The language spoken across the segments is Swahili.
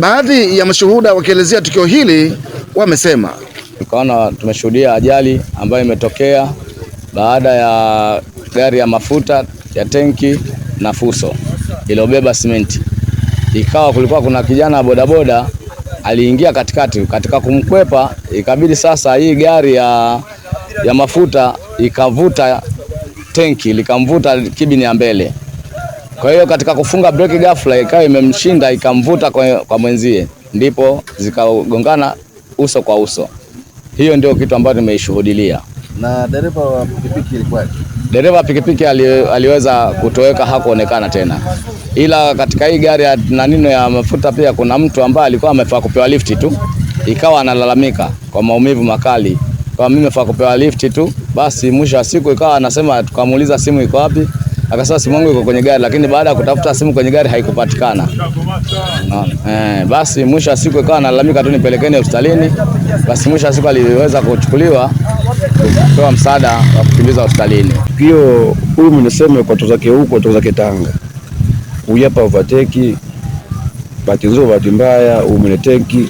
Baadhi ya mashuhuda wakielezea tukio hili wamesema, tukaona tumeshuhudia ajali ambayo imetokea baada ya gari ya mafuta ya tenki na fuso iliyobeba simenti, ikawa kulikuwa kuna kijana bodaboda aliingia katikati, katika kumkwepa ikabidi sasa hii gari ya, ya mafuta ikavuta tenki likamvuta kibini ya mbele. Kwa hiyo katika kufunga breki ghafla ikawa imemshinda ikamvuta kwa, kwa mwenzie, ndipo zikagongana uso kwa uso. Hiyo ndio kitu ambacho nimeishuhudilia. Na dereva wa pikipiki ilikuwaje? Dereva pikipiki ali, aliweza kutoweka, hakuonekana tena, ila katika hii gari ya nanino ya mafuta pia kuna mtu ambaye alikuwa amefaa kupewa lifti tu, ikawa analalamika kwa maumivu makali, kwa mimi mefaa kupewa lifti tu. Basi mwisho wa siku ikawa anasema, tukamuuliza simu iko wapi akasema simu yangu iko kwenye gari, lakini baada ya kutafuta simu kwenye gari haikupatikana. Eh, basi mwisho wa siku ikawa analalamika tu, nipelekeni hospitalini. Basi mwisho wa siku aliweza kuchukuliwa kupewa msaada wa kukimbiza hospitalini. Hiyo huyu mnasema kwa tozake huko tozake Tanga uyapa uvateki bahati nzuri, bahati mbaya umleteki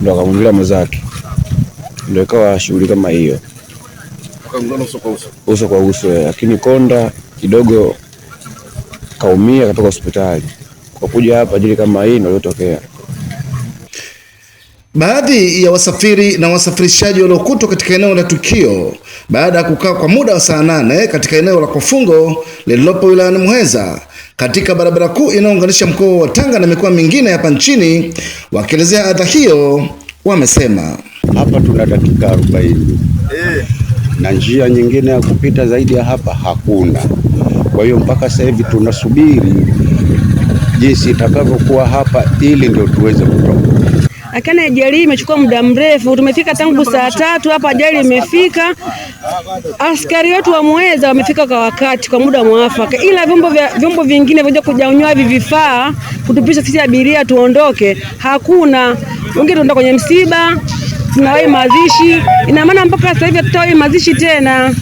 ndo akamwingilia mwenzake, ndo ikawa shughuli kama hiyo uso kwa uso, eh, lakini konda kidogo kaumia katoka hospitali kwa kuja hapa ajili kama hii ndio iliyotokea. Baadhi ya wasafiri na wasafirishaji waliokutwa katika eneo la tukio baada ya kukaa kwa muda wa saa nane katika eneo la Kwafungo lililopo wilayani Muheza katika barabara kuu inayounganisha mkoa wa Tanga na mikoa mingine hapa nchini, wakielezea adha hiyo, wamesema hapa tuna dakika 40 eh. na njia nyingine ya kupita zaidi ya hapa hakuna. Kwa hiyo mpaka sasa hivi tunasubiri jinsi itakavyokuwa hapa, ili ndio tuweze kutoka. Lakini ajali imechukua muda mrefu, tumefika tangu saa tatu hapa, ajali imefika. Askari wetu wa Muheza wamefika kwa wakati, kwa muda mwafaka, ila vyombo vya vyombo vingine vya kujaunywa hivi vifaa kutupisha sisi abiria tuondoke, hakuna wengine, tunaenda kwenye msiba, tunawahi mazishi. Ina maana mpaka sasa hivi hatutawahi mazishi tena.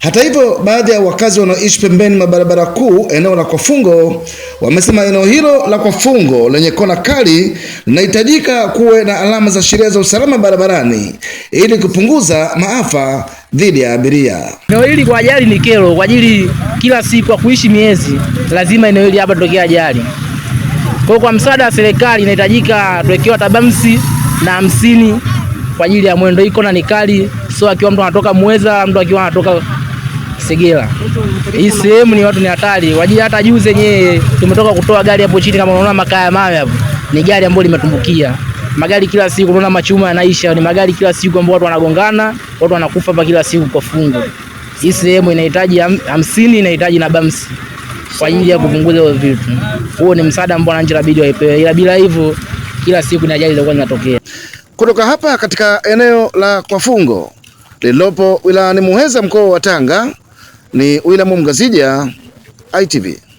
Hata hivyo, baadhi ya wakazi wanaoishi pembeni mwa barabara kuu eneo la Kwafungo wamesema eneo hilo la Kwafungo lenye kona kali linahitajika kuwe na alama za sheria za usalama barabarani ili kupunguza maafa dhidi ya abiria. Eneo hili kwa ajali ni kero, kwa ajili kila siku kwa kuishi miezi, lazima eneo hili hapa tutokea ajali. Kwa kwa msaada wa serikali inahitajika tuwekewa tabamsi na hamsini kwa ajili ya mwendo, hii kona ni kali, sio akiwa mtu anatoka mweza mtu akiwa anatoka Segera. Hii sehemu ni watu ni hatari. Waje hata juzi yenyewe tumetoka kutoa gari hapo chini, kama unaona makaa ya mawe hapo. Ni gari ambalo limetumbukia. Magari kila siku unaona machuma yanaisha, ni magari kila siku ambao watu wanagongana, watu wanakufa hapa kila siku kwa fungu. Hii sehemu inahitaji hamsini, inahitaji na bamsi kwa ajili ya kupunguza hizo vitu. Huo ni msaada ambao wananchi inabidi waipewe, ila bila hivyo kila siku ni ajali zinakuwa zinatokea. Kutoka hapa katika eneo la Kwafungo lililopo wilayani Muheza mkoa wa Tanga, ni William Mgazija, ITV.